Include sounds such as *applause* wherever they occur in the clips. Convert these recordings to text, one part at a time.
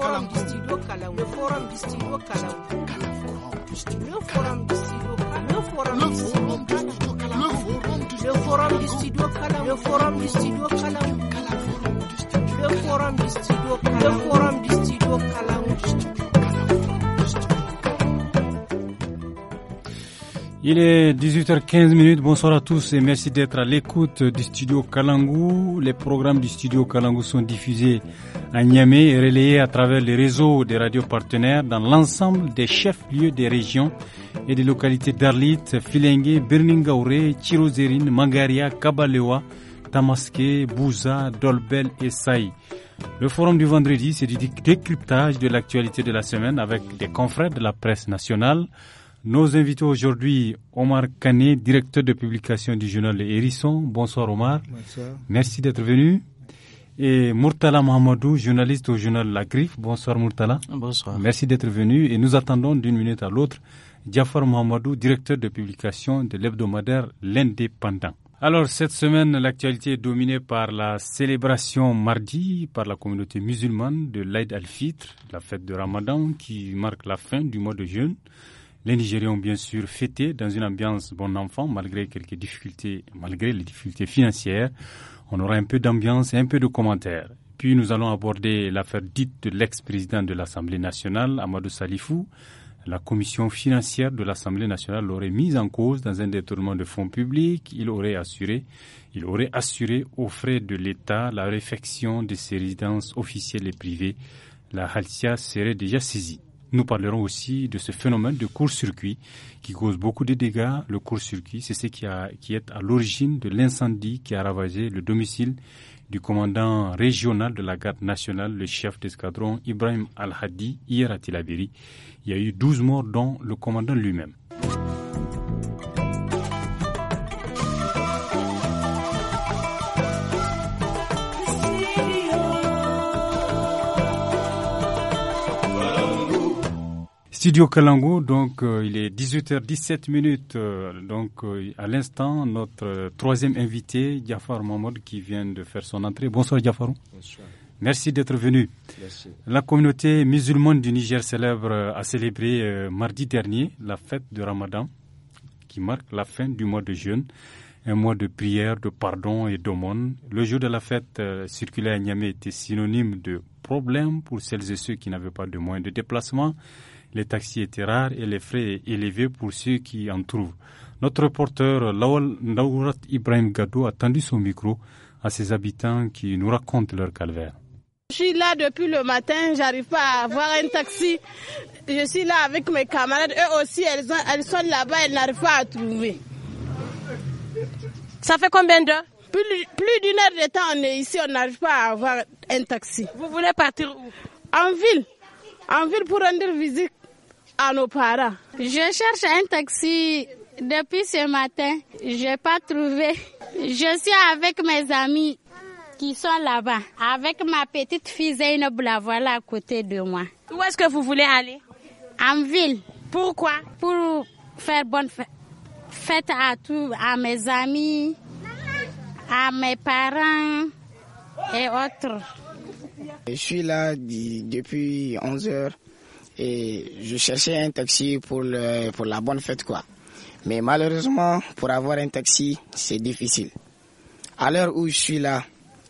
forum distudio kalangu le forum distudio kalangu le forum distudio kalangu le forum distudio kalangu le forum distudio kalangu le forum distudio kalangu le forum distudio kalangu le forum distudio kalangu Il est 18h15 Bonsoir à tous et merci d'être à l'écoute du studio Kalangou. Les programmes du studio Kalangou sont diffusés à Niamey et relayés à travers les réseaux des radios partenaires dans l'ensemble des chefs-lieux des régions et des localités d'Arlit, Filengue, Birningaouré, Chirozérine, Mangaria, Kabalewa, Tamaské, Bouza, Dolbel et Saï. Le forum du vendredi, c'est du décryptage de l'actualité de la semaine avec des confrères de la presse nationale. Nos invités aujourd'hui, Omar Kane, directeur de publication du journal Le Hérisson. Bonsoir Omar. Bonsoir. Merci d'être venu. Et Murtala Mohamadou, journaliste au journal La Griffe. Bonsoir Murtala. Bonsoir. Merci d'être venu et nous attendons d'une minute à l'autre Jafar Mohamadou, directeur de publication de l'hebdomadaire L'Indépendant. Alors cette semaine, l'actualité est dominée par la célébration mardi par la communauté musulmane de l'Aïd al-Fitr, la fête de Ramadan qui marque la fin du mois de jeûne. Les Nigériens ont bien sûr fêté dans une ambiance bon enfant, malgré quelques difficultés, malgré les difficultés financières. On aura un peu d'ambiance et un peu de commentaires. Puis nous allons aborder l'affaire dite de l'ex-président de l'Assemblée nationale, Amadou Salifou. La commission financière de l'Assemblée nationale l'aurait mise en cause dans un détournement de fonds publics. Il aurait assuré, il aurait assuré aux frais de l'État la réfection de ses résidences officielles et privées. La Halcia serait déjà saisie. Nous parlerons aussi de ce phénomène de court-circuit qui cause beaucoup de dégâts. Le court-circuit, c'est ce qui, a, qui est à l'origine de l'incendie qui a ravagé le domicile du commandant régional de la garde nationale, le chef d'escadron Ibrahim Al-Hadi, hier à Tilabiri. Il y a eu 12 morts, dont le commandant lui-même. Studio Kalangu, donc euh, il est 18h17 minutes. Euh, donc euh, à l'instant, notre troisième invité, Jafar Mahmoud, qui vient de faire son entrée. Bonsoir Jafar. Bonsoir. Merci d'être venu. Merci. La communauté musulmane du Niger célèbre a célébré mardi dernier la fête de Ramadan, qui marque la fin du mois de jeûne un mois de prière, de pardon et d'aumône. Le jour de la fête euh, circulaire à Niamey était synonyme de problème pour celles et ceux qui n'avaient pas de moyens de déplacement. Les taxis étaient rares et les frais élevés pour ceux qui en trouvent. Notre reporter Lawal Naourat Ibrahim Gadou a tendu son micro à ses habitants qui nous racontent leur calvaire. Je suis là depuis le matin, j'arrive pas à avoir un taxi. Je suis là avec mes camarades, eux aussi, elles sont là-bas, elles n'arrivent pas à trouver. Ça fait combien d'heures Plus, d'une heure de temps, on est ici, on n'arrive pas à avoir un taxi. Vous voulez partir où En ville. En ville pour rendre visite à nos parents. Je cherche un taxi depuis ce matin. Je n'ai pas trouvé. Je suis avec mes amis qui sont là-bas, avec ma petite fille Zainab, la voilà à côté de moi. Où est-ce que vous voulez aller En ville. Pourquoi Pour faire bonne fête. Fête à, tous, à mes amis, à mes parents et autres. Je suis là depuis 11 heures et je cherchais un taxi pour, le, pour la bonne fête quoi. Mais malheureusement, pour avoir un taxi, c'est difficile. À l'heure où je suis là,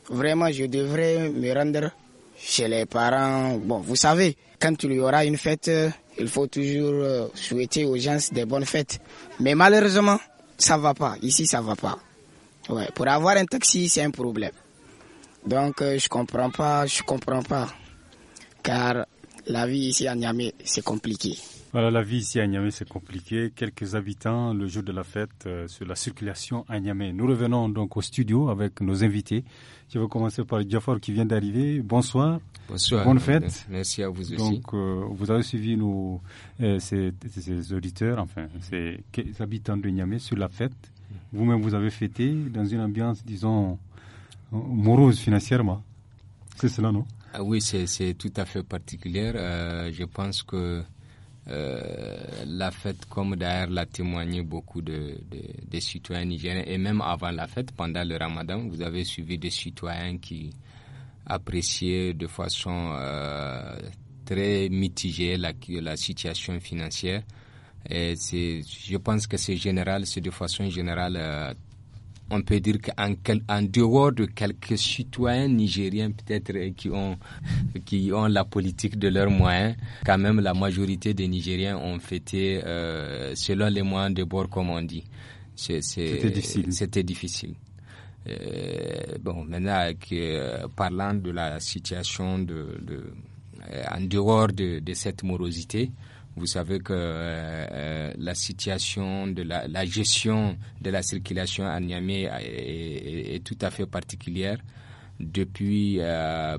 vraiment, je devrais me rendre chez les parents. Bon, vous savez, quand il y aura une fête, il faut toujours euh, souhaiter aux gens des bonnes fêtes. Mais malheureusement, ça ne va pas. Ici, ça va pas. Pour avoir un taxi, c'est un problème. Donc, euh, je comprends pas, je comprends pas. Car la vie ici à Niamey, c'est compliqué. Voilà, la vie ici à Niamey, c'est compliqué. Quelques habitants le jour de la fête euh, sur la circulation à Niamey. Nous revenons donc au studio avec nos invités. Je vais commencer par Jafar qui vient d'arriver. Bonsoir. Bonsoir. Bonne fête. Merci à vous aussi. Donc, euh, vous avez suivi nos euh, ces, auditeurs, enfin, ces, habitants de Niamey sur la fête. Vous-même, vous avez fêté dans une ambiance, disons, morose financièrement. C'est cela, non ah Oui, c'est tout à fait particulier. je pense que euh, la fête, comme d'ailleurs l'a témoigné beaucoup de, citoyens nigériens, et même avant la fête, pendant le ramadan, vous avez suivi des citoyens qui appréciaient de façon euh, très mitigée la, situation financière. Et je pense que c'est général, c'est de façon générale euh, on peut dire qu'en en dehors de quelques citoyens nigériens peut-être qui ont, qui ont la politique de leurs moyens, quand même la majorité des Nigériens ont fêté euh, selon les moyens de bord, comme on dit. C'était difficile. C'était difficile. Euh, bon, maintenant, euh, parlant de la situation en dehors de cette morosité, vous savez que euh, euh, la situation de la, gestion de la circulation à Niamey est, tout à fait particulière. Depuis euh,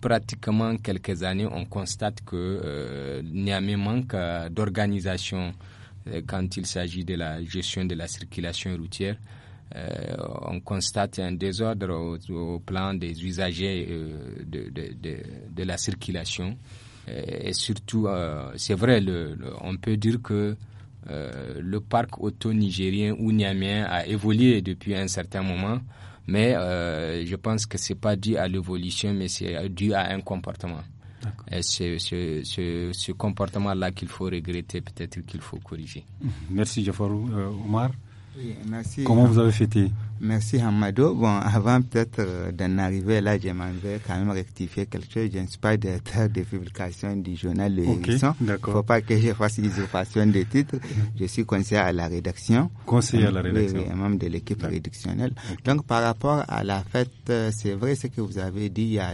pratiquement quelques années, on constate que Niamey manque d'organisation quand il s'agit de la gestion de la circulation routière. on constate un désordre au, plan des usagers de, la circulation. Et surtout, euh, c'est vrai, on peut dire que euh, le parc auto-nigérien ou niamien a évolué depuis un certain moment, mais euh, je pense que c'est pas dû à l'évolution, mais c'est dû à un comportement. Et c'est ce, ce, ce comportement-là qu'il faut regretter, peut-être qu'il faut corriger. Merci, Jafarou. Omar oui, merci. Comment vous avez fêté Merci Hamado. Bon, avant peut-être euh, d'en arriver là, je m'en vais quand même rectifier quelque chose. Je ne suis pas directeur de publication du journal Le okay, Il ne faut pas que je fasse usurpation des titres. Je suis conseiller à la rédaction. Conseiller à la rédaction. Oui, membre de l'équipe rédactionnelle. Donc, par rapport à la fête, euh, c'est vrai ce que vous avez dit. Il y a,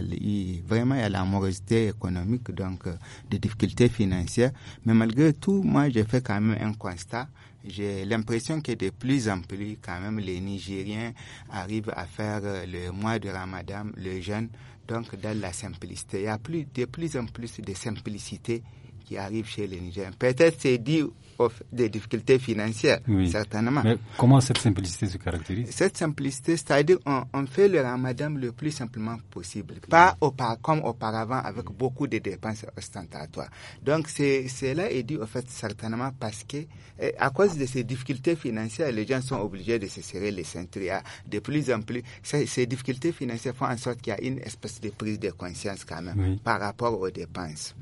vraiment, il y a la économique, donc euh, des difficultés financières. Mais malgré tout, moi, j'ai fait quand même un constat j'ai l'impression que de plus en plus, quand même, les Nigériens arrivent à faire euh, le mois de Ramadan, le jeûne, donc dans la simplicité. Il y a plus, de plus en plus de simplicité qui arrivent chez les Nigériens. Peut-être c'est dû aux des difficultés financières, certainement. Mais comment cette simplicité se caractérise Cette simplicité, c'est-à-dire on, fait le ramadan le plus simplement possible, pas au, comme auparavant avec beaucoup de dépenses ostentatoires. Donc cela est dû au fait certainement parce que eh, à cause de ces difficultés financières, les gens sont obligés de se serrer les ceintures. De plus en plus, ces, difficultés financières font en sorte qu'il y a une espèce de prise de conscience quand même par rapport aux dépenses.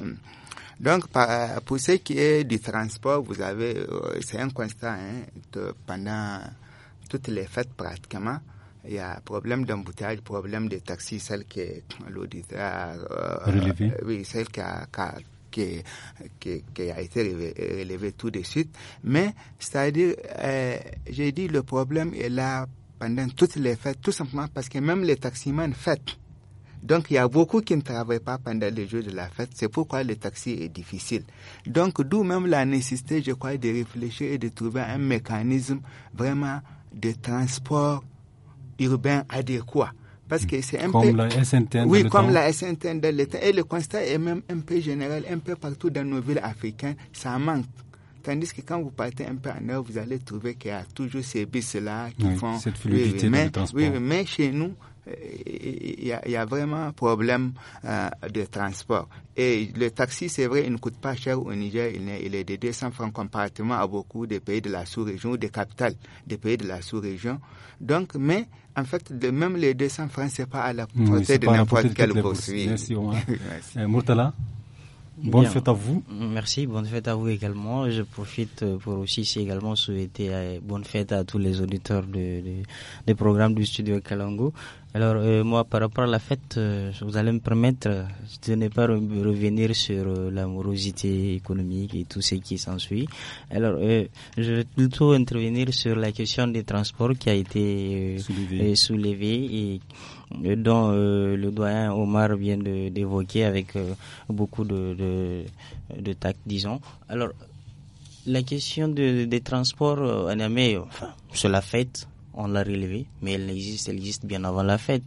Hum. Donc, pour ce qui est du transport, vous avez, euh, c'est un constat, hein, pendant toutes les fêtes pratiquement, il y a problème d'embouteillage, problème de taxi, celle qui est euh, euh, oui, celle qui a, qui qui, a été relevée tout de suite. Mais, c'est-à-dire, euh, j'ai dit, le problème est là pendant toutes les fêtes, tout simplement parce que même les taximans fêtent. Donc il y a beaucoup qui ne travaillent pas pendant les jours de la fête. C'est pourquoi le taxi est difficile. Donc d'où même la nécessité, je crois, de réfléchir et de trouver un mécanisme vraiment de transport urbain adéquat. Parce que c'est un comme La SNTN oui, comme la SNTN de l'État. Et le constat est même un peu général, un peu partout dans nos villes africaines. Ça manque Tandis que quand vous partez un peu en Europe, vous allez trouver qu'il y a toujours ces bus-là qui font... Cette fluidité oui, mais, chez nous, euh, il y, a, vraiment un problème euh, de transport. Et le taxi, c'est vrai, il ne coûte pas cher au Niger. Il est, de 200 francs comparativement à beaucoup des pays de la sous-région ou des capitales des pays de la sous-région. Donc, mais en fait, même les 200 francs, n'est pas à la portée de n'importe quelle bourse. Merci, Omar. *laughs* Merci. Euh, Bonne fête à vous. Merci, bonne fête à vous également. Je profite euh, pour aussi également souhaiter euh, bonne fête à tous les auditeurs de, de, des programmes du studio Kalango. Alors euh, moi, par rapport à la fête, vous allez me permettre de ne pas revenir sur la l'amorosité économique et tout ce qui s'ensuit. Alors, je vais plutôt intervenir sur la question des transports qui a été soulevée soulevé et dont euh, le doyen Omar vient d'évoquer avec euh, beaucoup de, de, tact, disons. Alors, la question de, des transports euh, en Amérique, enfin, sur la fête, on l'a relevé mais elle existe, elle existe bien avant la fête.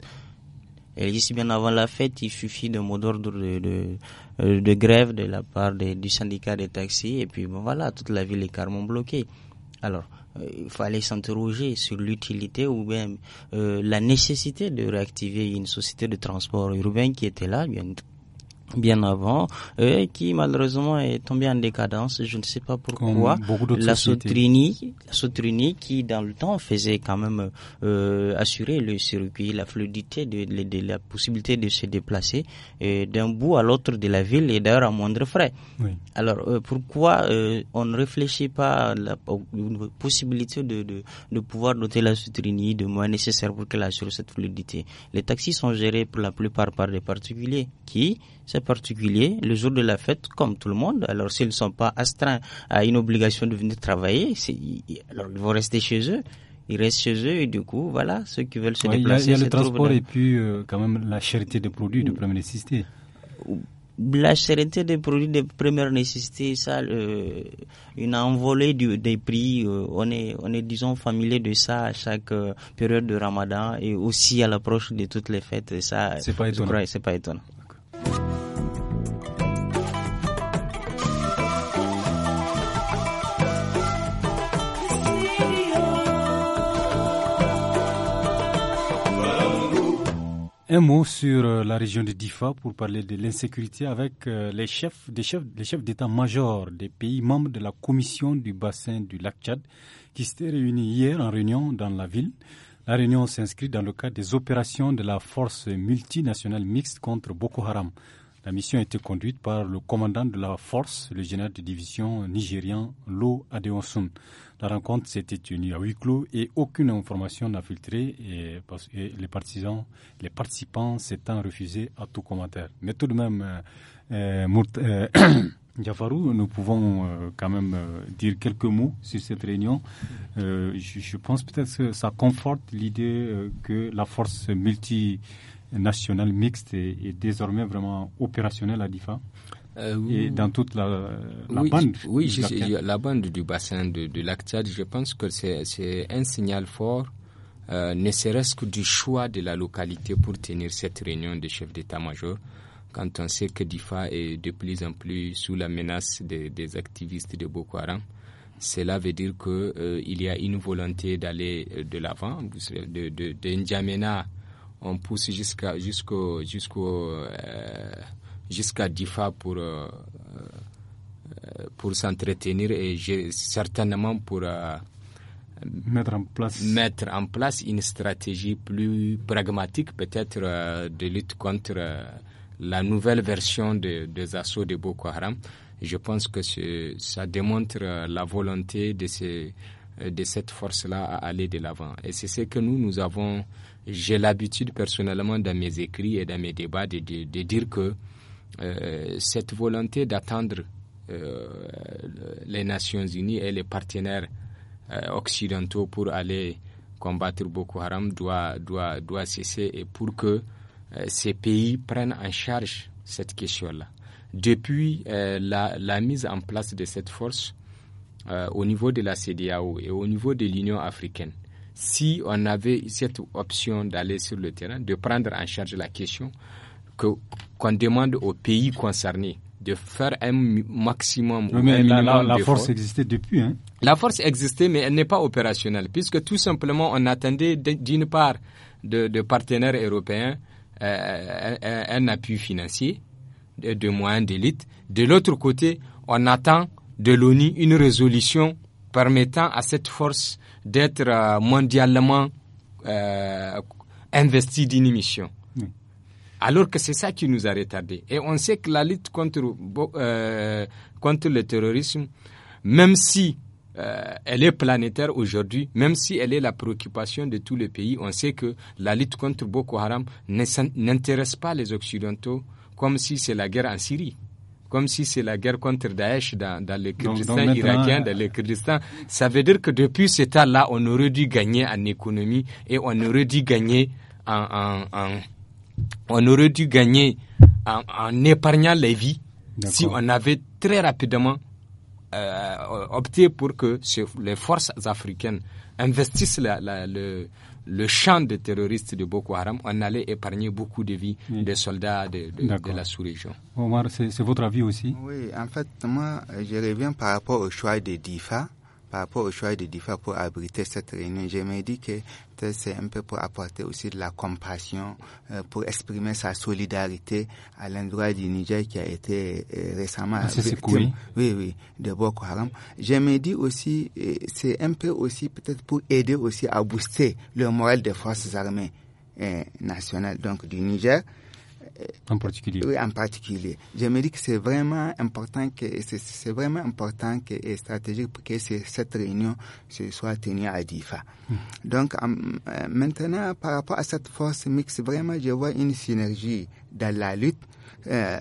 Elle existe bien avant la fête, il suffit de mot d'ordre de, de, de, grève de la part du syndicat des taxis, et puis bon, voilà, toute la ville est carrément bloquée. Alors, euh, il fallait s'interroger sur l'utilité ou même euh, la nécessité de réactiver une société de transport urbain qui était là, bien bien avant, euh, qui malheureusement est tombé en décadence. Je ne sais pas pourquoi. La Sotrini, la qui dans le temps faisait quand même euh, assurer le circuit, la fluidité, de, la possibilité de se déplacer euh, d'un bout à l'autre de la ville et d'ailleurs à moindre frais. Alors pourquoi on ne réfléchit pas à la possibilité de, de, de, pouvoir doter la Sotrini de moyens nécessaires pour qu'elle assure cette fluidité Les taxis sont gérés pour la plupart par des particuliers qui particulier, le jour de la fête, comme tout le monde. Alors, s'ils ne sont pas astreints à une obligation de venir travailler, alors ils vont rester chez eux ils restent chez eux et du coup, voilà, ceux qui veulent se déplacer. Il y a le transport et puis euh, quand même la charité des produits de première nécessité. La charité des produits de première nécessité, ça, euh, une envolée des prix, euh, on est, on est disons familier de ça à chaque période de Ramadan et aussi à l'approche de toutes les fêtes. ça, c'est pas C'est pas étonnant. Un mot sur euh, la région de Difa pour parler de l'insécurité avec euh, les chefs, des chefs, chefs d'état-major des pays membres de la commission du bassin du lac Tchad qui s'était réuni hier en réunion dans la ville. La réunion s'inscrit dans le cadre des opérations de la force multinationale mixte contre Boko Haram. La mission a été conduite par le commandant de la force, le général de division nigérien Lo Adeonsun. La rencontre s'était tenue à huis clos et aucune information n'a filtré et, que les partisans, les participants s'étant refusés à tout commentaire. Mais tout de même, euh, Jafarou, euh, euh, *coughs* nous pouvons euh, quand même dire quelques mots sur cette réunion. je, je, pense peut-être que ça conforte l'idée que la force multi national mixte est, désormais vraiment opérationnel à DIFA. Euh, et dans toute la, oui, bande. Oui, la bande du bassin de, de je pense que c'est un signal fort, euh, ne serait-ce que du choix de la localité pour tenir cette réunion des chefs d'état-major, quand on sait que DIFA est de plus en plus sous la menace des, des activistes de Boko Haram. Cela veut dire qu'il euh, il y a une volonté d'aller de l'avant, de, de, de N'Djamena on pousse jusqu'à jusqu'au jusqu'au euh, jusqu'à Difa pour euh, euh, pour s'entretenir et certainement pour mettre en place mettre en place une stratégie plus pragmatique peut-être de lutte contre la nouvelle version des assauts de Boko Haram. Je pense que ça démontre la volonté de ces euh, de cette force-là à aller de l'avant. Et c'est ce que nous, nous avons, j'ai l'habitude personnellement dans mes écrits et dans mes débats de, dire que euh, cette volonté d'attendre euh, les Nations Unies et les partenaires occidentaux pour aller combattre Boko Haram doit, doit, doit cesser et pour que ces pays prennent en charge cette question-là. Depuis la, mise en place de cette force, euh, au niveau de la CDAO et au niveau de l'Union africaine, si on avait cette option d'aller sur le terrain, de prendre en charge la question, qu'on demande aux pays concernés de faire un maximum. mais la, la, force existait depuis. Hein? La force existait, mais elle n'est pas opérationnelle, puisque tout simplement on attendait d'une part de, partenaires européens euh, un, appui financier, de moyens d'élite. De l'autre côté, on attend de l'ONU une résolution permettant à cette force d'être euh, mondialement euh, investie d'une mission. Alors que c'est ça qui nous a retardés. Et on sait que la lutte contre, euh, contre le terrorisme, même si elle est planétaire aujourd'hui, même si elle est la préoccupation de tous les pays, on sait que la lutte contre Boko Haram n'intéresse pas les Occidentaux comme si c'est la guerre en Syrie comme si c'est la guerre contre Daesh dans, dans le Kurdistan irakien, dans le euh, Kurdistan. Ça veut dire que depuis cet temps-là, on aurait dû gagner en économie et on aurait dû gagner en, en, on aurait dû gagner en, épargnant les vies si on avait très rapidement euh, opté pour que les forces africaines investissent le, le champ de terroristes de Boko Haram, on allait épargner beaucoup de vies des soldats de, la sous-région. Omar, c'est votre avis aussi Oui, en fait, moi, je reviens par rapport au choix de DIFA par rapport au choix de DIFA pour abriter cette réunion, j'ai me dit que c'est un peu pour apporter aussi de la compassion, euh, pour exprimer sa solidarité à l'endroit du Niger qui a été euh, récemment ah, oui, oui, de Boko Haram. J'ai me dit aussi, euh, c'est un peu aussi peut-être pour aider aussi à booster le moral des forces armées nationales donc du Niger. Euh, en particulier. Oui, en particulier. Je me dis que c'est vraiment important que c'est vraiment important que et stratégique pour que cette réunion se soit tenue à Difa. Hmm. Donc euh, maintenant, par rapport à cette force mixte, vraiment, je vois une synergie dans la lutte. Euh,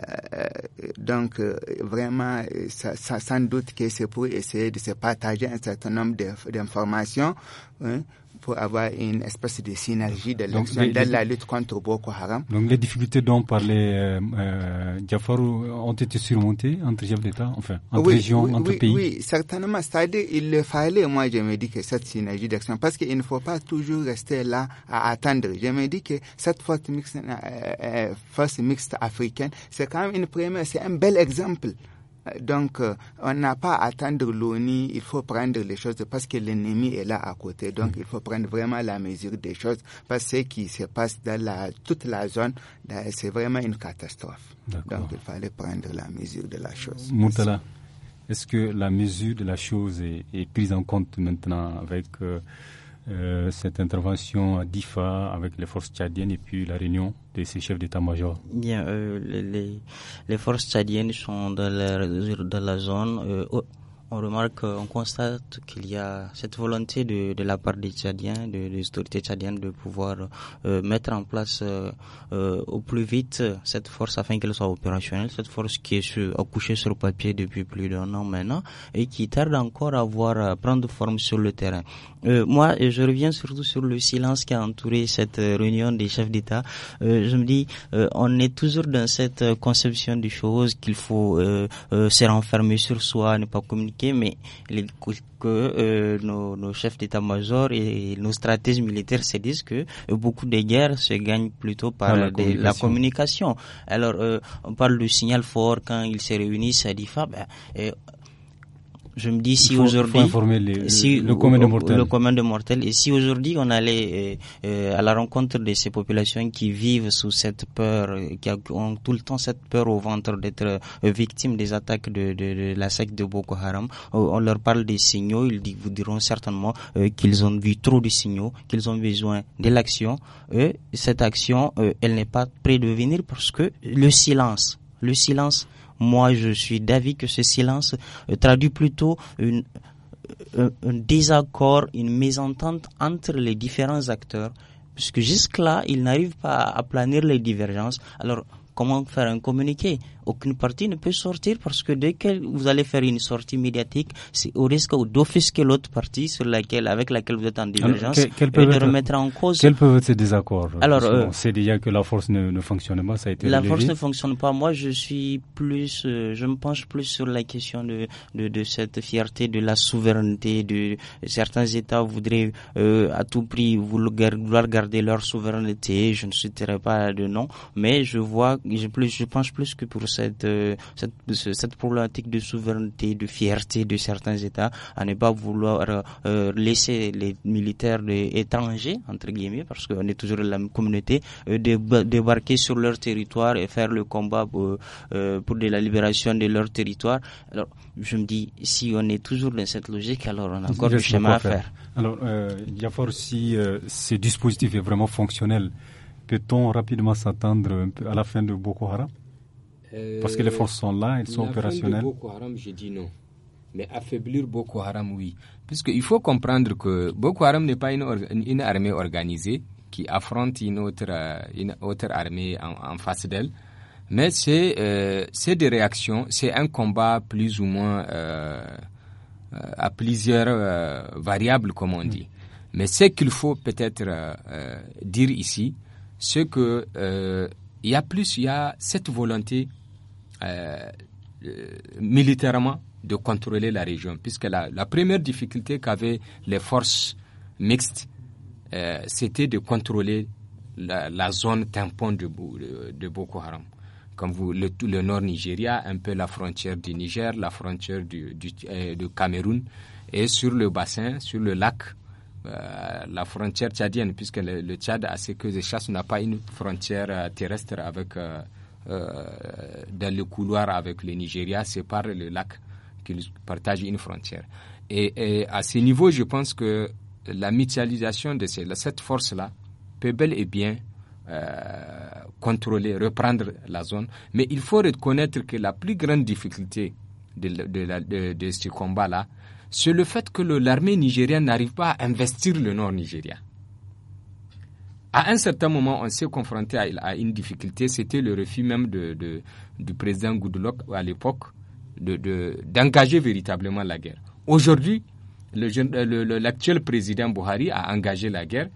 donc vraiment, sans doute que c'est pour essayer de se partager un certain nombre d'informations hein, pour avoir une espèce de synergie de l'action dans la lutte contre Boko Haram. Donc les difficultés dont parlait euh, euh ont été surmontées entre chefs d'État, enfin, entre oui, régions, entre pays Oui, certainement. C'est-à-dire il fallait, moi je me dis que cette synergie d'action, parce qu'il ne faut pas toujours rester là à attendre. Je me dis que cette force mixte, euh, euh, force mixte africaine, c'est quand même une première, c'est un bel exemple. Donc, euh, on n'a pas à attendre l'ONU, il faut prendre les choses parce que l'ennemi est là à côté. Donc, mm. il faut prendre vraiment la mesure des choses parce que ce qui se passe dans toute la zone, c'est vraiment une catastrophe. Donc, il fallait prendre la mesure de la chose. Moutala, est-ce que la mesure de la chose est, prise en compte maintenant avec... Euh, euh, cette intervention à DIFA avec les forces tchadiennes et puis la réunion de ces chefs d'état-major Bien, euh, les, forces tchadiennes sont dans la, zone. Euh, on remarque, on constate qu'il y a cette volonté de, la part des Tchadiens, de, des autorités tchadiennes, de pouvoir mettre en place au plus vite cette force afin qu'elle soit opérationnelle, cette force qui est accouchée sur papier depuis plus d'un an maintenant et qui tarde encore à voir à prendre forme sur le terrain. Euh, moi, euh, je reviens surtout sur le silence qui a entouré cette euh, réunion des chefs d'État. Euh, je me dis, on est toujours dans cette conception des choses qu'il faut se renfermer sur soi, ne pas communiquer, mais les, que nos, nos, chefs d'état-major et nos stratèges militaires se disent que beaucoup des guerres se gagnent plutôt par la, communication. la, communication. Alors, on parle du signal fort quand ils se réunissent à DIFA. Ben, je me dis si aujourd'hui, si le commun de mortel, le commun et si aujourd'hui on allait euh, euh, à la rencontre de ces populations qui vivent sous cette peur, euh, qui ont tout le temps cette peur au ventre d'être victimes des attaques de, de, de, la secte de Boko Haram, on leur parle des signaux, ils vous diront certainement qu'ils ont vu trop de signaux, qu'ils ont besoin de l'action. cette action, elle n'est pas près de venir parce que le silence, le silence moi, je suis d'avis que ce silence euh, traduit plutôt euh, un, désaccord, une mésentente entre les différents acteurs, puisque jusque-là, ils n'arrivent pas à, à planir les divergences. Alors, comment faire un communiqué aucune partie ne peut sortir parce que dès que vous allez faire une sortie médiatique, c'est au risque d'offusquer l'autre partie sur laquelle, avec laquelle vous êtes en divergence et de remettre en cause. Quels peuvent être ces désaccords euh, Alors, euh, c'est on déjà que la force ne, fonctionne pas, ça a été La force ne fonctionne pas. Moi, je suis plus, euh, je me penche plus sur la question de, de, cette fierté de la souveraineté. De certains États voudraient à tout prix vouloir garder leur souveraineté. Je ne citerai pas de nom, mais je vois, je, plus, je penche plus que pour cette, euh, cette, problématique de souveraineté, de fierté de certains États, à ne pas vouloir euh, euh, laisser les militaires étrangers, entre guillemets, parce qu'on est toujours la même communauté, débarquer sur leur territoire et faire le combat pour, pour la libération de leur territoire. Alors, je me dis, si on est toujours dans cette logique, alors on a encore du chemin à faire. faire. Alors, fort si ce dispositif est vraiment fonctionnel, peut-on rapidement s'attendre à la fin de Boko Haram euh, Parce que les forces sont là, elles sont opérationnelles. Boko Haram, je dis non. Mais affaiblir Boko Haram, oui. qu'il faut comprendre que Boko Haram n'est pas une, armée organisée qui affronte une autre, euh, une autre armée en, face d'elle. Mais euh, c'est des réactions, c'est un combat plus ou moins à plusieurs variables, comme on mm. dit. Mais ce qu'il faut peut-être dire ici, c'est que il y a plus, il y a cette volonté euh, euh, militairement de contrôler la région, puisque la, première difficulté qu'avaient les forces mixtes, euh, c'était de contrôler la, zone tampon de, Boko Haram. Comme vous, le, le, nord Nigeria, un peu la frontière du Niger, la frontière du, Cameroun, et sur le bassin, sur le lac, la frontière tchadienne, puisque le, Tchad, à ses que de chasse, n'a pas une frontière terrestre avec euh, dans le couloir avec le Nigeria, c'est par le lac qu'ils partagent une frontière. Et, à ce niveau, je pense que la mutualisation de cette force-là peut bel et bien euh, contrôler, reprendre la zone. Mais il faut reconnaître que la plus grande difficulté de, de, ce combat-là, c'est le fait que l'armée nigérienne n'arrive pas à investir le nord nigérien. À un certain moment, on s'est confronté à, une difficulté. C'était le refus même de, du président Goudelok à l'époque d'engager véritablement la guerre. Aujourd'hui, euh, l'actuel président Buhari a engagé la guerre.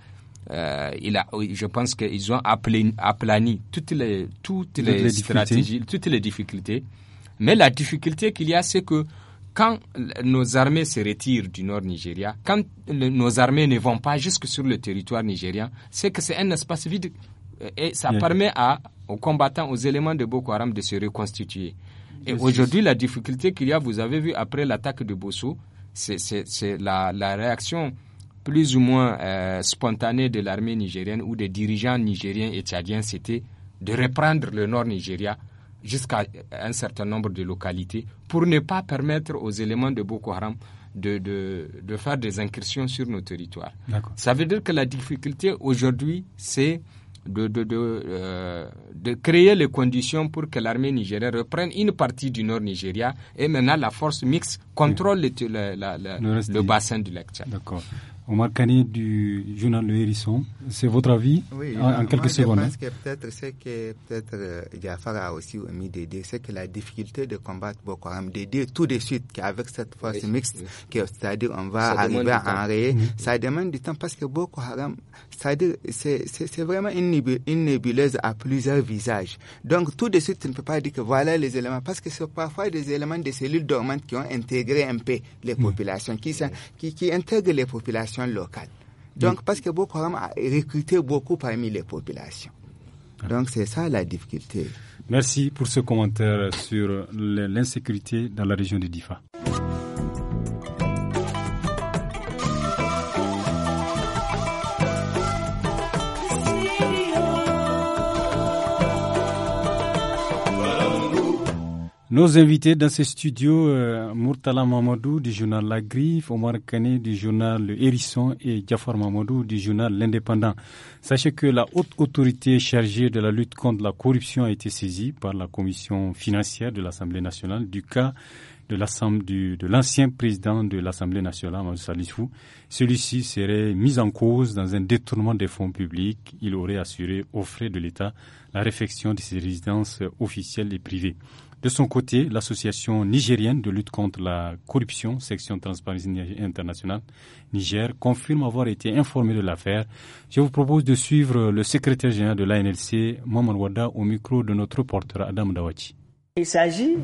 Euh, il a, je pense qu'ils ont appelé, aplani toutes les, toutes les, les stratégies, toutes les difficultés. Mais la difficulté qu'il y a, c'est que quand nos armées se retirent du nord Nigeria, quand nos armées ne vont pas jusque sur le territoire nigérien, c'est que c'est un espace vide euh, et ça permet à, aux combattants, aux éléments de Boko Haram de se reconstituer. Et aujourd'hui, la difficulté qu'il y a, vous avez vu après l'attaque de Bosso, c'est la, réaction plus ou moins euh, spontanée de l'armée nigérienne ou des dirigeants nigériens et tchadiens, c'était de reprendre le nord Nigeria jusqu'à un certain nombre de localités pour ne pas permettre aux éléments de Boko Haram de, de, de faire des incursions sur nos territoires. Ça veut dire que la difficulté aujourd'hui, c'est de, de, de, euh, de, créer les conditions pour que l'armée nigérienne reprenne une partie du nord Nigeria et maintenant la force mixte contrôle le, le, le, bassin du lac Tchad. D'accord. Omar Kani du journal Le Hérisson. C'est votre avis en, quelques secondes Je pense hein. que peut-être c'est que peut-être euh, Jafar a aussi mis des c'est que la difficulté de combattre Boko Haram, de dire tout de suite qu'avec cette force mixte, c'est-à-dire on va arriver à enrayer, mm-hmm. ça demande du temps parce que Boko Haram, c'est-à-dire c'est vraiment une nébuleuse à plusieurs visages. Donc tout de suite, tu ne peux pas dire que voilà les éléments parce que c'est parfois des éléments des cellules dormantes qui ont intégré un peu les mm-hmm. populations, qui, qui, qui intègrent les populations locales. Donc, parce que Boko Haram a recruté beaucoup parmi les populations. Ah. Donc, c'est ça la difficulté. Merci pour ce commentaire sur l'insécurité dans la région de Difa. Nos invités dans ce studio, euh, Murtala Mamadou du journal La Griffe, Omar Kane du journal Hérisson et Jafar Mamadou du journal L'Indépendant. Sachez que la haute autorité chargée de la lutte contre la corruption a été saisie par la commission financière de l'Assemblée nationale du cas de l'ancien président de l'Assemblée nationale, M. Salifou. Celui-ci serait mis en cause dans un détournement des fonds publics. Il aurait assuré aux frais de l'État la réfection de ses résidences officielles et privées. De son côté, l'association nigérienne de lutte contre la corruption, section Transparency International Niger, confirme avoir été informée de l'affaire. Je vous propose de suivre le secrétaire général de l'ANLC, Maman Wada, au micro de notre reporter Adam Dawati. Il s'agit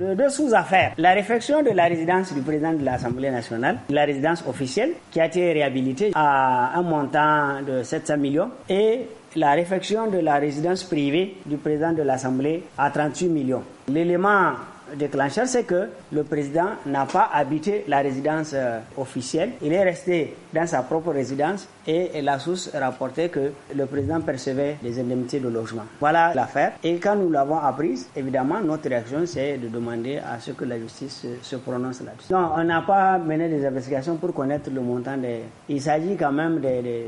de deux sous-affaires. La réflexion de la résidence du président de l'Assemblée nationale, la résidence officielle, qui a été réhabilitée à un montant de 700 millions, et la réfection de la résidence privée du président de l'Assemblée à 38 millions. L'élément déclencheur, c'est que le président n'a pas habité la résidence euh, officielle. Il est resté dans sa propre résidence et la source rapportait que le président percevait des indemnités de logement. Voilà l'affaire. Et quand nous l'avons apprise, évidemment, notre réaction, c'est de demander à ce que la justice euh, se prononce là-dessus. Non, on n'a pas mené des investigations pour connaître le montant des... Il s'agit quand même des... des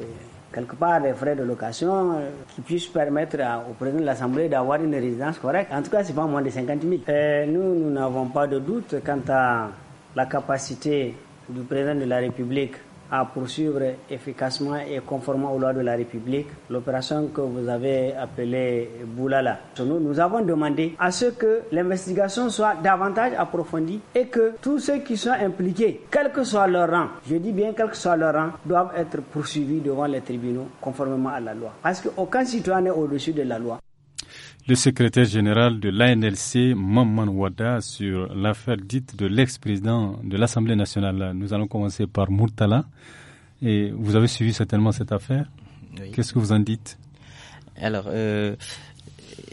quelque part des frais de location euh, qui puissent permettre au président de l'Assemblée d'avoir une résidence correcte. En tout cas, c'est pas moins de 50 000. Euh, nous n'avons pas de doute quant à la capacité du président de la République à poursuivre efficacement et conformément aux lois de la République l'opération que vous avez appelée Boulala. Nous, avons demandé à ce que l'investigation soit davantage approfondie et que tous ceux qui sont impliqués, quel que soit leur rang, je dis bien quel que soit leur rang, doivent être poursuivis devant les tribunaux conformément à la loi. Parce qu'aucun citoyen n'est au-dessus de la loi le secrétaire général de l'ANLC, Mamman Wada, sur l'affaire dite de l'ex-président de l'Assemblée nationale. Nous allons commencer par Murtala. Et vous avez suivi certainement cette affaire. Qu'est-ce que vous en dites Alors, euh,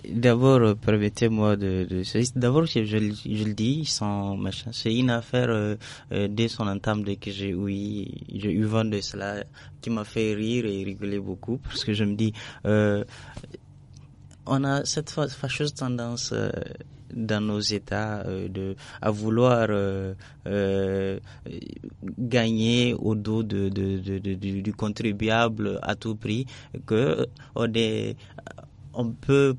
d'abord, permettez-moi de, d'abord, je, je, je, le dis sans machin. C'est une affaire euh, euh, dès son entame, dès que j'ai oui, j'ai eu vent de cela, qui m'a fait rire et rigoler beaucoup parce que je me dis, on a cette fâcheuse tendance euh, dans nos États euh, de, à vouloir euh, gagner au dos de, du, contribuable à tout prix, que on peut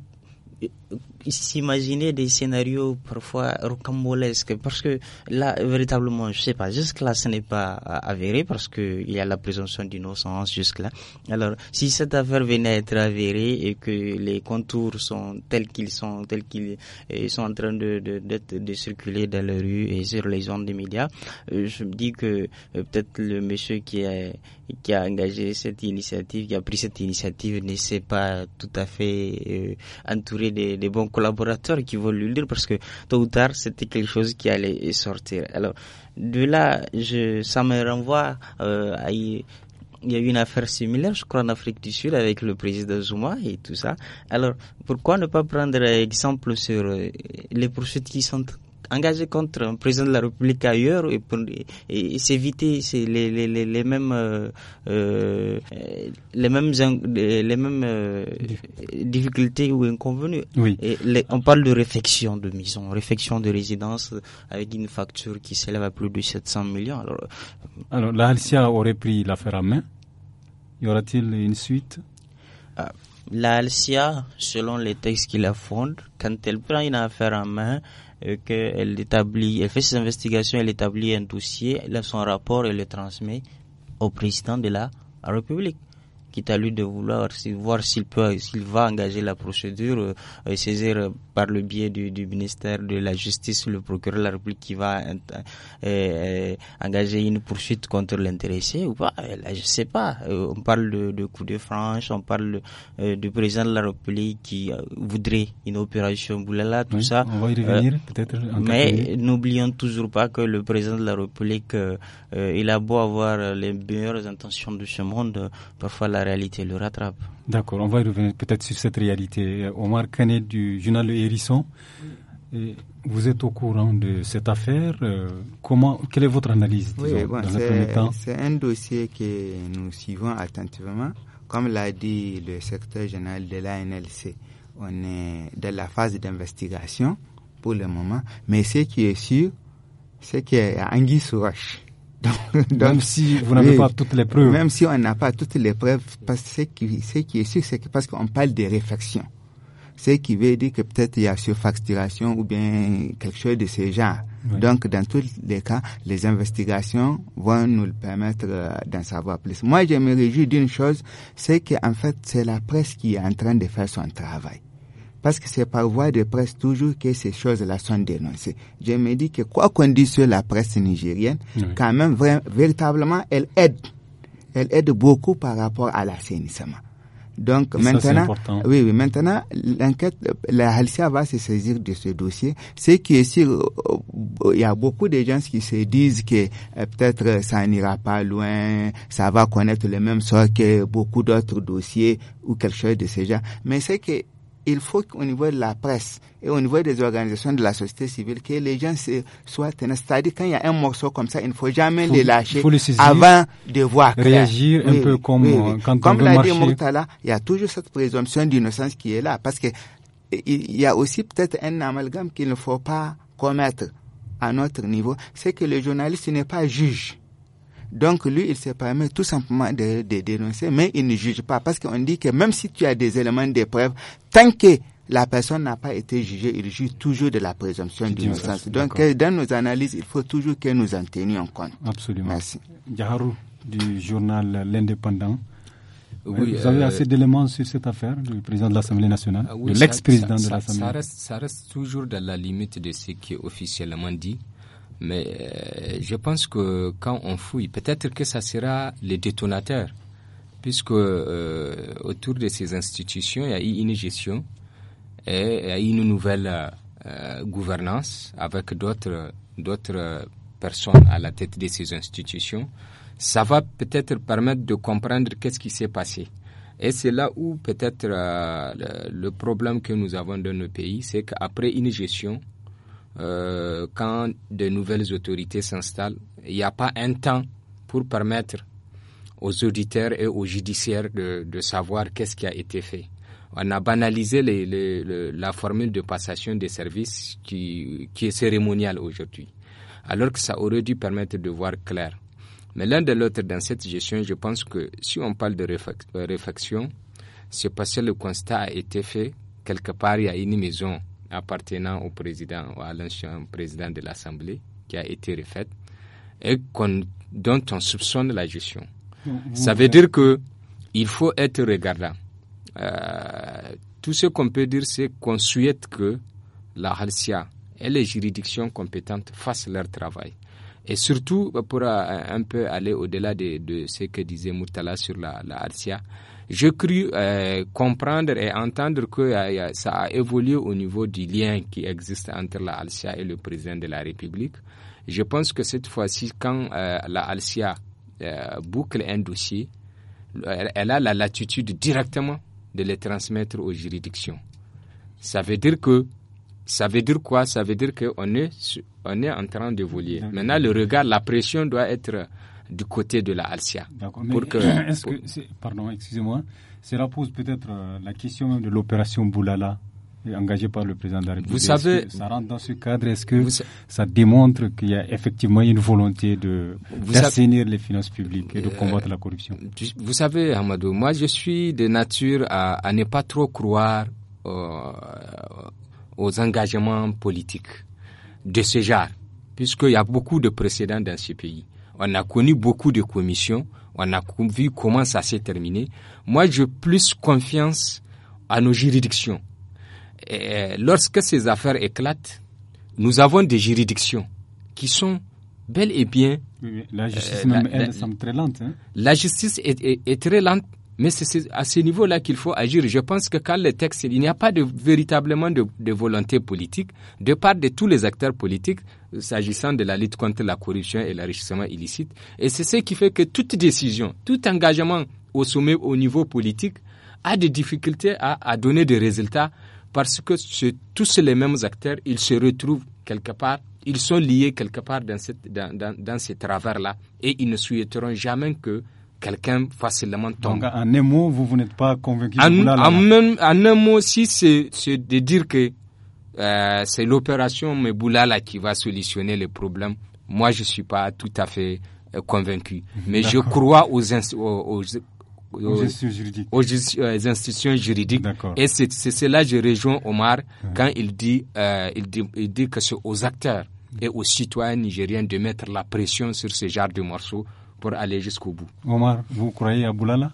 s'imaginer des scénarios parfois rocambolesques parce que là, véritablement, je sais pas, jusque-là, ce n'est pas euh, avéré parce qu'il y a la présomption d'innocence jusque-là. Alors, si cette affaire venait à être avérée et que les contours sont tels qu'ils sont, tels qu'ils euh, sont en train de, de, circuler dans la rue et sur les ondes des médias, euh, je me dis que peut-être le monsieur qui a, qui a engagé cette initiative, qui a pris cette initiative, ne s'est pas tout à fait entouré des, des bons collaborateurs qui vont le dire parce que tôt ou tard, c'était quelque chose qui allait sortir. Alors, de là, je, ça me renvoie euh, à il y a eu une affaire similaire, je crois, en Afrique du Sud avec le président Zuma et tout ça. Alors, pourquoi ne pas prendre euh, exemple sur euh, les poursuites qui sont engagé contre un président de la République ailleurs et, pour, s'éviter les, mêmes euh, euh, les mêmes les mêmes euh, difficultés ou inconvenus. on parle de réfection de maison, réfection de résidence avec une facture qui s'élève à plus de 700 millions. Alors, la Alcia aurait pris l'affaire à main. Y aura-t-il une suite ah, La Alcia, selon les textes qui la fondent, quand elle prend une affaire en main, euh, qu'elle établit, elle fait ses investigations, elle établit un dossier, elle a son rapport et le transmet au président de la République quitte à lui de vouloir voir s'il peut, s'il va engager la procédure, euh, saisir euh, par le biais du, ministère de la Justice le procureur de la République qui va euh, euh, engager une poursuite contre l'intéressé ou pas. je je sais pas. on parle de, coup de franche, on parle du président de la République qui voudrait une opération Boulala, tout ça. On va y revenir peut-être. Mais n'oublions toujours pas que le président de la République, il a beau avoir les meilleures intentions de ce monde, parfois la le rattrape. D'accord, on va revenir peut-être sur cette réalité. Euh, Omar Kané du journal Le Hérisson, vous êtes au courant de cette affaire. Euh, comment, quelle est votre analyse oui, bon, C'est un dossier que nous suivons attentivement. Comme l'a dit le secteur général de l'ANLC, on est dans la phase d'investigation pour le moment. Mais ce qui est sûr, c'est qu'il y a Anguille-Sourache, donc, même si vous n'avez pas toutes les preuves. Même si on n'a pas toutes les preuves, parce que ce qui, ce qui est sûr, c'est que parce qu'on parle de réflexions Ce qui veut dire que peut-être il y a surfacturation ou bien quelque chose de ce genre. Donc, dans tous les cas, les investigations vont nous le permettre euh, d'en savoir plus. Moi, je me réjouis d'une chose, c'est qu'en fait, c'est la presse qui est en train de faire son travail. Parce que c'est par voie de presse toujours que ces choses-là sont dénoncées. Je me dis que quoi qu'on dise sur la presse nigérienne, quand même, véritablement, elle aide. Elle aide beaucoup par rapport à l'assainissement. Donc maintenant, oui, oui, maintenant l'enquête, la Halcia va se saisir de ce dossier. C'est est si euh, il y a beaucoup de gens qui se disent que euh, peut-être ça n'ira pas loin, ça va connaître le même sort que beaucoup d'autres dossiers ou quelque chose de ce genre. Mais c'est que il faut qu'au niveau de la presse et au niveau des organisations de la société civile, que les gens soient tenus. C'est-à-dire, quand il y a un morceau comme ça, il ne faut jamais le les lâcher avant de voir Réagir un peu comme euh, quand Comme l'a dit il y a toujours cette présomption d'innocence qui est là, parce que euh, il y a aussi peut-être un amalgame qu'il ne faut pas commettre à notre niveau, c'est que le journaliste n'est pas juge. Donc lui, il se permet tout simplement de, dénoncer, mais il ne juge pas parce qu'on dit que même si tu as des éléments de preuve, tant que la personne n'a pas été jugée, il juge toujours de la présomption d'innocence. Donc dans nos analyses, il faut toujours que nous en tenions compte. Absolument. Merci. du journal L'Indépendant. Euh, vous avez euh, assez d'éléments sur cette affaire du président de l'Assemblée nationale, ah de l'ex-président de l'Assemblée nationale. ça reste toujours dans la limite de ce qui est officiellement dit. Mais euh, je pense que quand on fouille, peut-être que ça sera les détonateurs, puisque euh, autour de ces institutions, il y a eu une gestion et une nouvelle euh, gouvernance avec d'autres personnes à la tête de ces institutions. Ça va peut-être permettre de comprendre qu'est-ce qui s'est passé. Et c'est là où peut-être le problème que nous avons dans nos pays, c'est qu'après une gestion, euh, quand de nouvelles autorités s'installent, il n'y a pas un temps pour permettre aux auditeurs et aux judiciaires de, savoir qu'est-ce qui a été fait. On a banalisé les, la formule de passation des services qui, est cérémoniale aujourd'hui, alors que ça aurait dû permettre de voir clair. Mais l'un de l'autre dans cette gestion, je pense que si on parle de réflexion, euh, c'est parce que le constat a été fait quelque part, il y a une maison appartenant au président, ou à l'ancien président de l'Assemblée, qui a été refaite et dont on soupçonne la gestion. Ça veut dire que il faut être regardant. Euh, tout ce qu'on peut dire, c'est qu'on souhaite que la Halcia et les juridictions compétentes fassent leur travail. Et surtout, pour euh, un peu aller au-delà de, ce que disait Moutala sur la, la j'ai cru euh, comprendre et entendre que euh, ça a évolué au niveau du lien qui existe entre la Alcia et le président de la République. Je pense que cette fois-ci, quand euh, la Alcia boucle un dossier, elle a la latitude directement de le transmettre aux juridictions. Ça veut dire que ça veut dire quoi Ça veut dire qu'on est, on est en train d'évoluer. Maintenant, le regard, la pression doit être du côté de la Alcia. Pour que, *clears throat* -ce pardon, excusez-moi, cela pose peut-être euh, la question de l'opération Boulala euh, engagée par le président de la République. Vous savez, ça rentre dans ce cadre. Est-ce que ça démontre qu'il y a effectivement une volonté de d'assainir les finances publiques et de euh, combattre la corruption Vous savez, Amadou, moi je suis de nature à, ne pas trop croire aux engagements politiques de ce genre, puisqu'il y a beaucoup de précédents dans ce pays. On a connu beaucoup de commissions. On a vu comment ça s'est terminé. Moi, j'ai plus confiance à nos juridictions. lorsque ces affaires éclatent, nous avons des juridictions qui sont bel et bien. la justice, euh, très lente. Hein. La justice est, très lente mais c'est à ce niveau-là qu'il faut agir. Je pense que quand le texte, il n'y a pas de, véritablement de, volonté politique de part de tous les acteurs politiques s'agissant de la lutte contre la corruption et l'enrichissement illicite. Et c'est ce qui fait que toute décision, tout engagement au sommet, au niveau politique, a des difficultés à, donner des résultats parce que tous les mêmes acteurs, ils se retrouvent quelque part ils sont liés quelque part dans, dans ces travers-là et ils ne souhaiteront jamais que quelqu'un facilement tombe. en un mot, vous, vous n'êtes pas convaincu en, un mot, aussi c'est de dire que euh, c'est l'opération Meboulala qui va solutionner les problème, moi, je ne suis pas tout à fait euh, convaincu. Mhm. Mais je crois aux, institutions juridiques, euh, et c'est là je rejoins Omar quand il dit, il dit, il dit que c'est aux acteurs et aux citoyens nigériens de mettre la pression sur ce genre de morceaux pour aller jusqu'au bout. Omar, vous croyez à Boulala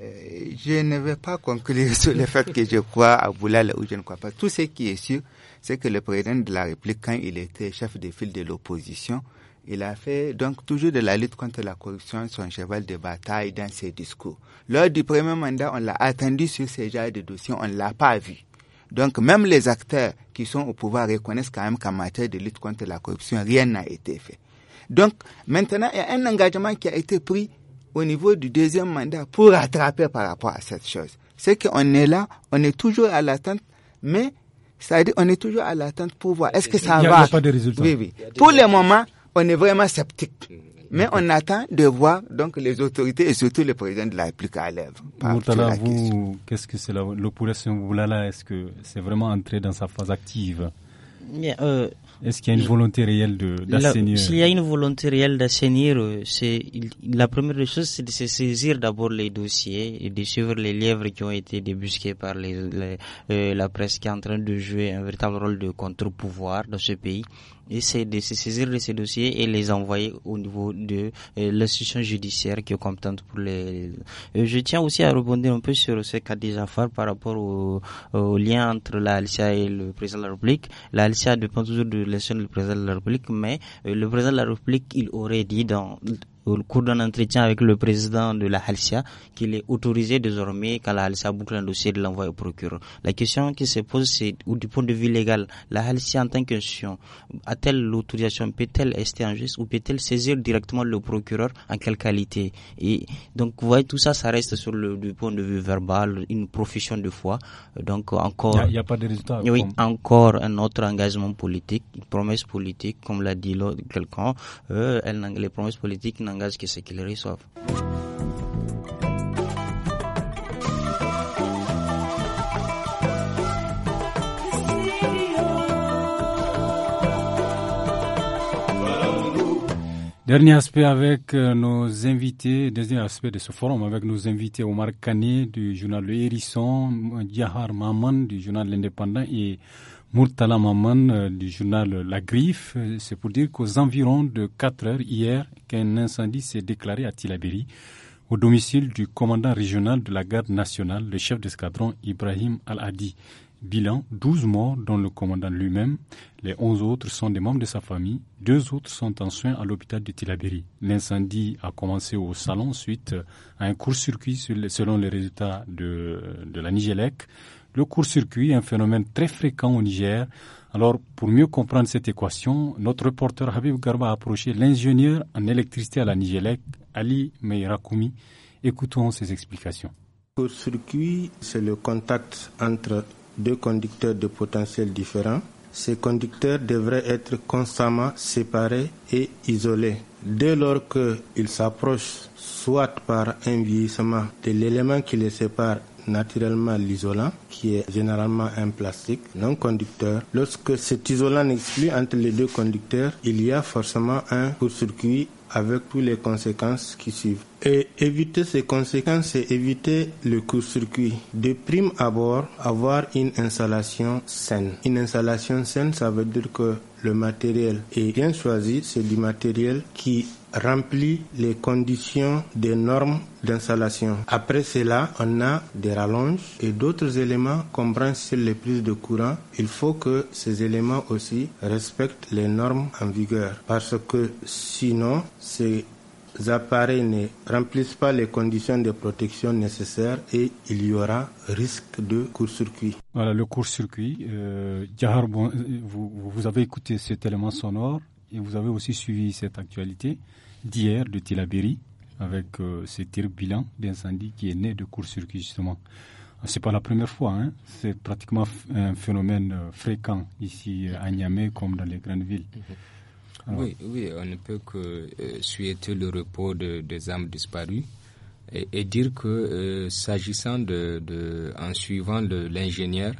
euh, Je ne vais pas conclure sur le fait que je crois à Boulala ou je ne crois pas. Tout ce qui est sûr, c'est que le président de la République, quand il était chef de file de l'opposition, il a fait donc toujours de la lutte contre la corruption son cheval de bataille dans ses discours. Lors du premier mandat, on l'a attendu sur ce genre de dossiers, on ne l'a pas vu. Donc même les acteurs qui sont au pouvoir reconnaissent quand même qu'en matière de lutte contre la corruption, rien n'a été fait. Donc, maintenant, il y a un engagement qui a été pris au niveau du deuxième mandat pour rattraper par rapport à cette chose. C'est qu'on est là, on est toujours à l'attente, mais ça veut dire on est toujours à l'attente pour voir est-ce que ça va. Il n'y a pas de résultat. Oui, oui. Pour le moment, on est vraiment sceptique. Mm. Mais on attend de voir donc les autorités et surtout le président de la République à l'œuvre. vous, qu'est-ce que c'est l'opération là, Est-ce que c'est vraiment entré dans sa phase active euh, est-ce qu'il y a une volonté réelle d'assainir S'il y a une volonté réelle d'assainir, euh, c'est la première chose, c'est de se saisir d'abord les dossiers et de suivre les lièvres qui ont été débusqués par les, euh, la presse qui est en train de jouer un véritable rôle de contre-pouvoir dans ce pays essayer de se saisir de ces dossiers et les envoyer au niveau de euh, l'institution judiciaire qui est compétente pour les. je tiens aussi à rebondir un peu sur ce qu'a déjà fait par rapport au, lien entre la LCA et le président de la République. La LCA dépend toujours de l'institution du président de la République, mais euh, le président de la République, il aurait dit dans au cours d'un entretien avec le président de la Halcia qu'il est autorisé désormais quand la Halcia boucle un dossier de l'envoi au procureur. La question qui se pose, c'est du point de vue légal, la Halcia en tant qu'institution a-t-elle l'autorisation, peut-elle rester justice ou peut-elle saisir directement le procureur en quelle qualité Et donc, vous voyez, tout ça, ça reste sur le point de vue verbal, une profession de foi. Donc, encore. Il n'y a, pas de résultat. Oui, encore un autre engagement politique, une promesse politique, comme l'a dit quelqu'un. Euh, les promesses politiques n'engagent que ce qu'ils reçoivent. Dernier aspect avec euh, nos invités, dernier aspect de ce forum avec nos invités Omar Kané du journal Le Hérisson, Diahar Maman du journal L'Indépendant et Murtala Maman euh, du journal La Griffe. Euh, c'est pour dire qu'aux environs de 4 heures hier, qu'un incendie s'est déclaré à Tilaberi, au domicile du commandant régional de la garde nationale, le chef d'escadron Ibrahim al adi Bilan 12 morts, dont le commandant lui-même. Les 11 autres sont des membres de sa famille. Deux autres sont en soins à l'hôpital de Tilaberi. L'incendie a commencé au salon suite à un court-circuit selon les résultats de, la Nigelec le court-circuit est un phénomène très fréquent au Niger. Alors, pour mieux comprendre cette équation, notre reporter Habib Garba a approché l'ingénieur en électricité à la Nigélec, Ali Meirakoumi. Écoutons ses explications. Le court-circuit, c'est le contact entre deux conducteurs de potentiel différent. Ces conducteurs devraient être constamment séparés et isolés. Dès lors qu'ils s'approchent, soit par un vieillissement de l'élément qui les sépare naturellement l'isolant, qui est généralement un plastique non conducteur. Lorsque cet isolant n'exclut entre les deux conducteurs, il y a forcément un court-circuit avec toutes les conséquences qui suivent. Et éviter ces conséquences, c'est éviter le court-circuit. De prime abord, avoir une installation saine. Une installation saine, ça veut dire que le matériel est bien choisi, c'est du matériel qui remplit les conditions des normes d'installation. Après cela, on a des rallonges et d'autres éléments comme branche les prises de courant. Il faut que ces éléments aussi respectent les normes en vigueur parce que sinon, c'est appareils ne remplissent pas les conditions de protection nécessaires et il y aura risque de court-circuit. Voilà le court-circuit. Euh, euh, vous, avez écouté cet élément sonore et vous avez aussi suivi cette actualité d'hier de Tilabiri avec euh, ce tir bilan d'incendie qui est né de court-circuit justement. C'est pas la première fois, hein. c'est pratiquement un phénomène fréquent ici à Niamey comme dans les grandes villes. Mhm. Oui, oui, on ne peut que euh, souhaiter le repos de, des âmes disparues et, dire que euh, s'agissant de, de, en suivant l'ingénieur,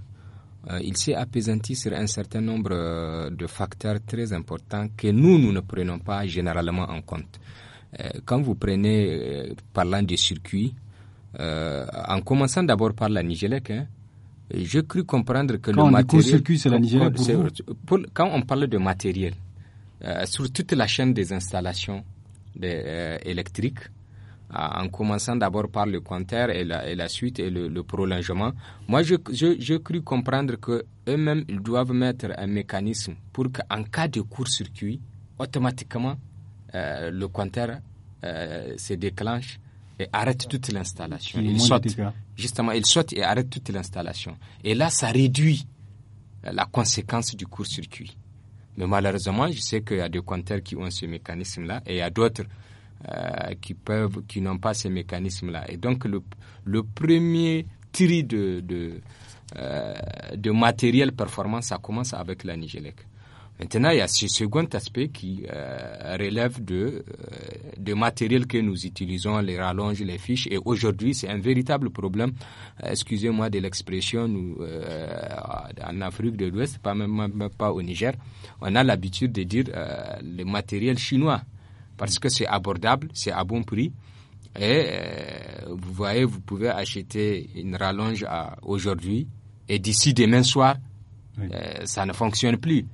euh, il s'est apaisanti sur un certain nombre de facteurs très importants que nous, nous ne prenons pas généralement en compte. quand vous prenez, parlant des circuits, en commençant d'abord par la Nigélec, hein, je cru comprendre que quand le on matériel... circuit, c'est la Nigélec pour, pour Quand on parle de matériel, euh, sur toute la chaîne des installations euh, électriques, euh, en commençant d'abord par le compteur et la, et la suite et le, prolongement. Moi, je, je, je cru comprendre que eux-mêmes, ils doivent mettre un mécanisme pour qu'en cas de court-circuit, automatiquement, le compteur se déclenche et arrête toute l'installation. Ils sautent Justement, il saute et arrête toute l'installation. Et là, ça réduit la conséquence du court-circuit. Mais malheureusement, je sais qu'il y a des compteurs qui ont ce mécanisme-là et il y a d'autres euh, qui peuvent, qui n'ont pas ce mécanisme-là. Et donc, le, le, premier tri de, de, euh, de matériel performance, ça commence avec la Nigélec. Maintenant, il y a ce second aspect qui euh, relève de, euh, de matériel que nous utilisons, les rallonges, les fiches. Et aujourd'hui, c'est un véritable problème, euh, excusez-moi de l'expression, euh, en Afrique de l'Ouest, pas même, pas au Niger, on a l'habitude de dire le matériel chinois, parce que c'est abordable, c'est à bon prix. Et vous voyez, vous pouvez acheter une rallonge aujourd'hui, et d'ici demain soir, ça ne fonctionne plus.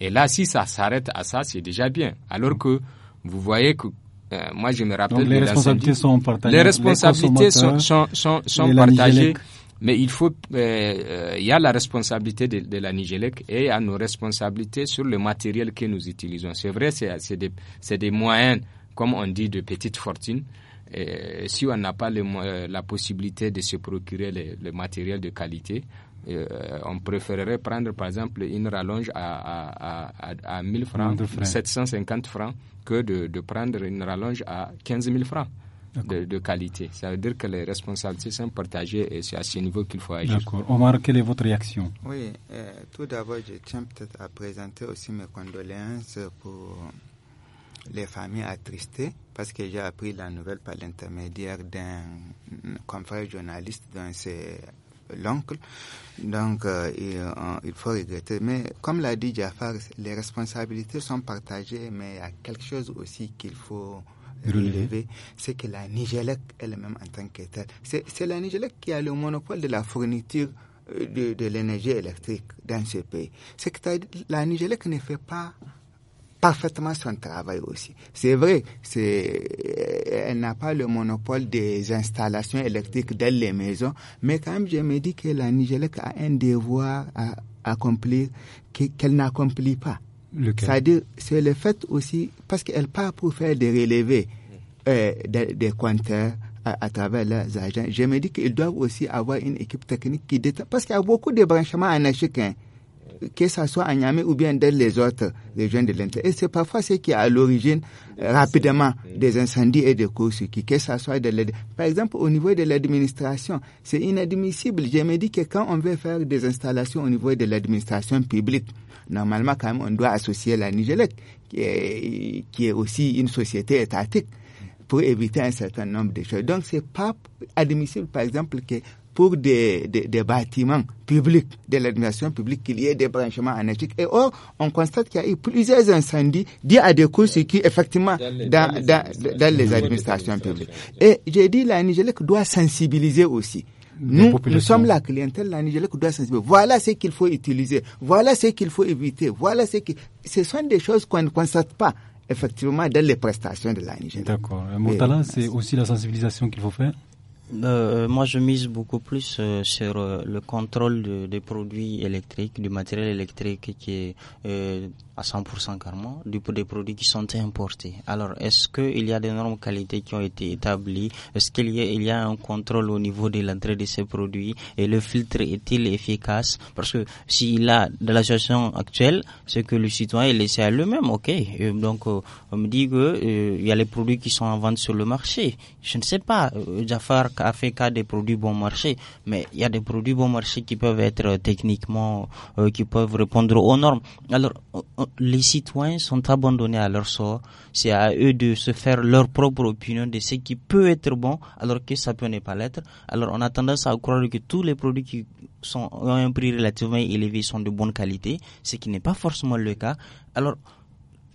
Et là, si ça s'arrête à ça, c'est déjà bien. Alors que vous voyez que euh, moi, je me rappelle. Donc, les responsabilités sont partagées. Les responsabilités sont, sont, sont, partagées. Mais il faut, il euh, euh, y a la responsabilité de, de la Nigélec et il y a nos responsabilités sur le matériel que nous utilisons. C'est vrai, c'est des, des, moyens, comme on dit, de petite fortune. Et si on n'a pas la possibilité de se procurer le matériel de qualité, euh, on préférerait prendre par exemple une rallonge à, à, à, 1000 francs, 750 francs, que de, de, prendre une rallonge à 15 000 francs. De, qualité. Ça veut dire que les responsabilités sont partagées et c'est à ce niveau qu'il faut agir. D'accord. Omar, quelle est votre réaction Oui, euh, tout d'abord, je tiens peut-être à présenter aussi mes condoléances pour les familles attristées parce que j'ai appris la nouvelle par l'intermédiaire d'un confrère journaliste dans ces l'oncle. Donc, euh, euh, il, faut regretter. Mais comme l'a dit Jafar, les responsabilités sont partagées, mais il y a quelque chose aussi qu'il faut relever, c'est que la Nigélec elle-même en tant que telle, c'est la Nigélec qui a le monopole de la fourniture euh, de, de l'énergie électrique dans ce pays. C'est que la Nigélec ne fait pas parfaitement son travail aussi. C'est vrai, c'est, elle n'a pas le monopole des installations électriques dans les maisons, mais quand même, je me dis que la Nigélec a un devoir à accomplir qu'elle n'accomplit pas. C'est-à-dire, c'est le fait aussi, parce qu'elle part pour faire des relevés euh, des, compteurs, à, travers leurs agents. Je me dis qu'ils doivent aussi avoir une équipe technique qui détecte, parce qu'il y a beaucoup de branchements anarchiques. Hein que ça soit à Niamey ou bien dans les autres régions de l'intérieur. Et c'est parfois ce qui est à l'origine rapidement des incendies et des courses, que ça soit de l'aide. Par exemple, au niveau de l'administration, c'est inadmissible. Je me dis que quand on veut faire des installations au niveau de l'administration publique, normalement, quand même, on doit associer la Nigelec, qui est, qui est aussi une société étatique pour éviter un certain nombre de choses. Donc, c'est pas admissible, par exemple, que pour des, des, bâtiments publics, de l'administration publique, qu'il y ait des branchements énergétiques. Et or, on constate qu'il y a eu plusieurs incendies dits à des causes qui, effectivement, dans les, dans, dans, les administrations publiques. Et j'ai dit, la Nigélique doit sensibiliser aussi. Nous, nous sommes la clientèle, la Nigélique doit sensibiliser. Voilà ce qu'il faut utiliser, voilà ce qu'il faut éviter, voilà ce qui... Ce sont des choses qu'on ne constate pas effectivement dans les prestations de la Nigélique. D'accord. Euh, Moutala, c'est aussi la sensibilisation qu'il faut faire euh, moi, je mise beaucoup plus euh, sur euh, le contrôle des produits électriques, du matériel électrique qui est à 100% carrément des produits qui sont importés. Alors, est-ce qu'il y a des normes qualité qui ont été établies Est-ce qu'il y, y, a un contrôle au niveau de l'entrée de ces produits Et le filtre est-il efficace Parce que s'il a, de la situation actuelle, c'est que le citoyen est laissé à lui-même, ok. donc, euh, on me dit que euh, il y a les produits qui sont en vente sur le marché. Je ne sais pas, euh, Jafar a fait cas des produits bon marché, mais il y a des produits bon marché qui peuvent être techniquement, qui peuvent répondre aux normes. Alors, les citoyens sont abandonnés à leur sort. C'est à eux de se faire leur propre opinion de ce qui peut être bon alors que ça peut ne pas l'être. Alors on a tendance à croire que tous les produits qui sont, ont un prix relativement élevé sont de bonne qualité, ce qui n'est pas forcément le cas. Alors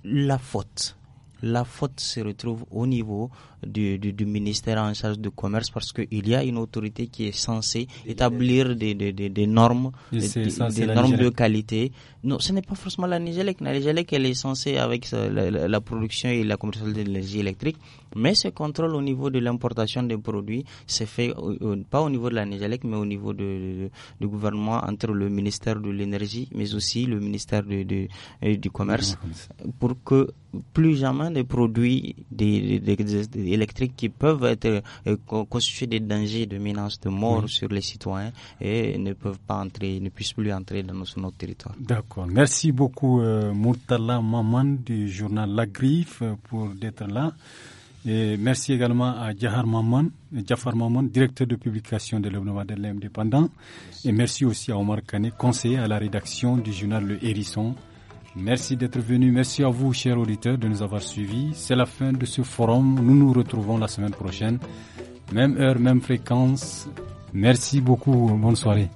la faute, la faute se retrouve au niveau du, ministère en charge du commerce parce qu'il y a une autorité qui est censée établir des, normes, des, normes de qualité. Non, ce n'est pas forcément la Nigélec. La Nigélec, elle est censée avec la, production et la commercialisation de l'énergie électrique, mais ce contrôle au niveau de l'importation des produits c'est fait pas au niveau de la Nigélec, mais au niveau de, du gouvernement entre le ministère de l'énergie, mais aussi le ministère du commerce, pour que plus jamais des produits électriques qui peuvent être euh, constitués des dangers, de menaces, de mort sur les citoyens et ne peuvent pas entrer, ne puissent plus entrer dans notre, territoire. D'accord. Merci beaucoup, euh, Maman du journal La Griffe euh, pour d'être là. merci également à Jahar Maman, Jafar Maman, directeur de publication de de L'Indépendant. Et merci aussi à Omar Kane, conseiller à la rédaction du journal Le Hérisson. Merci d'être venu. Merci à vous, chers auditeurs, de nous avoir suivis. C'est la fin de ce forum. Nous nous retrouvons la semaine prochaine. Même heure, même fréquence. Merci beaucoup. Bonne soirée.